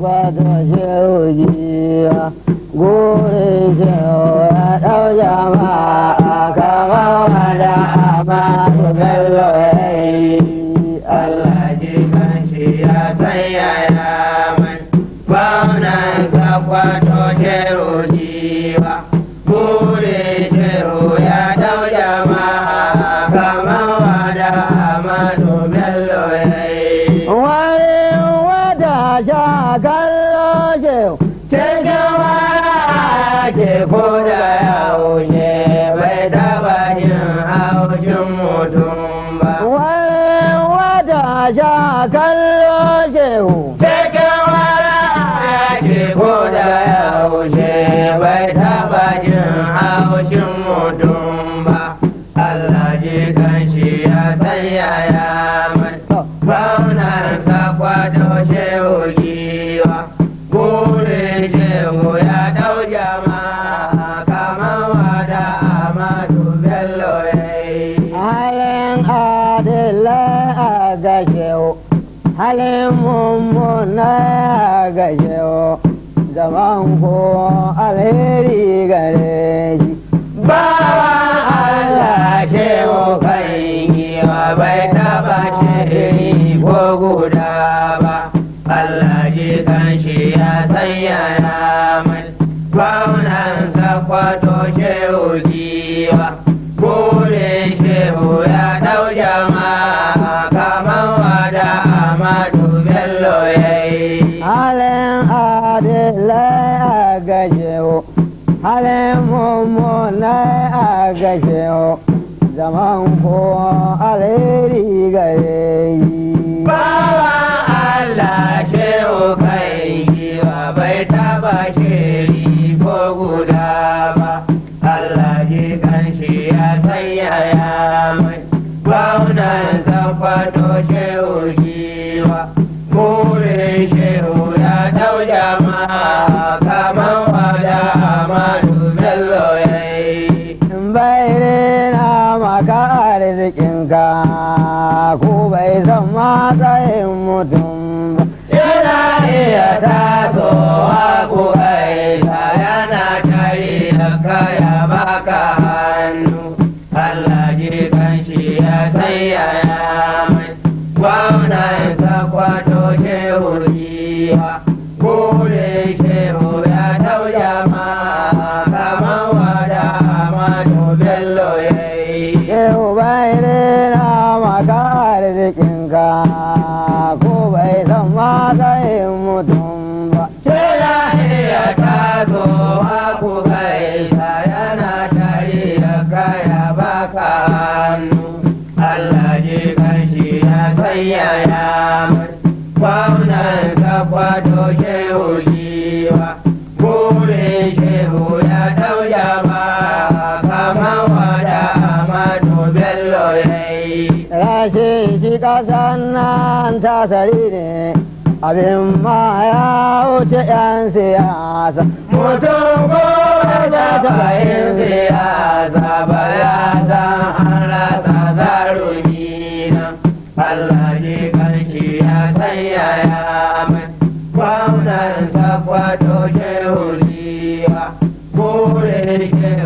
ba da shehu jiya gurin shehu ya ɗau jama'a kamar wanda amadu bello ya yi Allah ba na loje ce wara ke koda yaushe bai taba yin haushin mutum ba. Wani wata sha kan loje ko zaman alheri gare shi ba Allah ce mu kai wa bai ba ce ko guda ba Allah ji kan shi ya sanya ya mai adilai a gaishe ho halin a gaishe zaman ko aleri gare yi bawa Allah shehu kai giwa bai taba shiri ko guda sannan ta sari ne abin ma ya wuce 'yan siyasa mutum ko da ta siyasa ba ya san an rasa zaruri na Allah ne kanshi ya sanya ya mai kwamnan sakwato shehu liya burin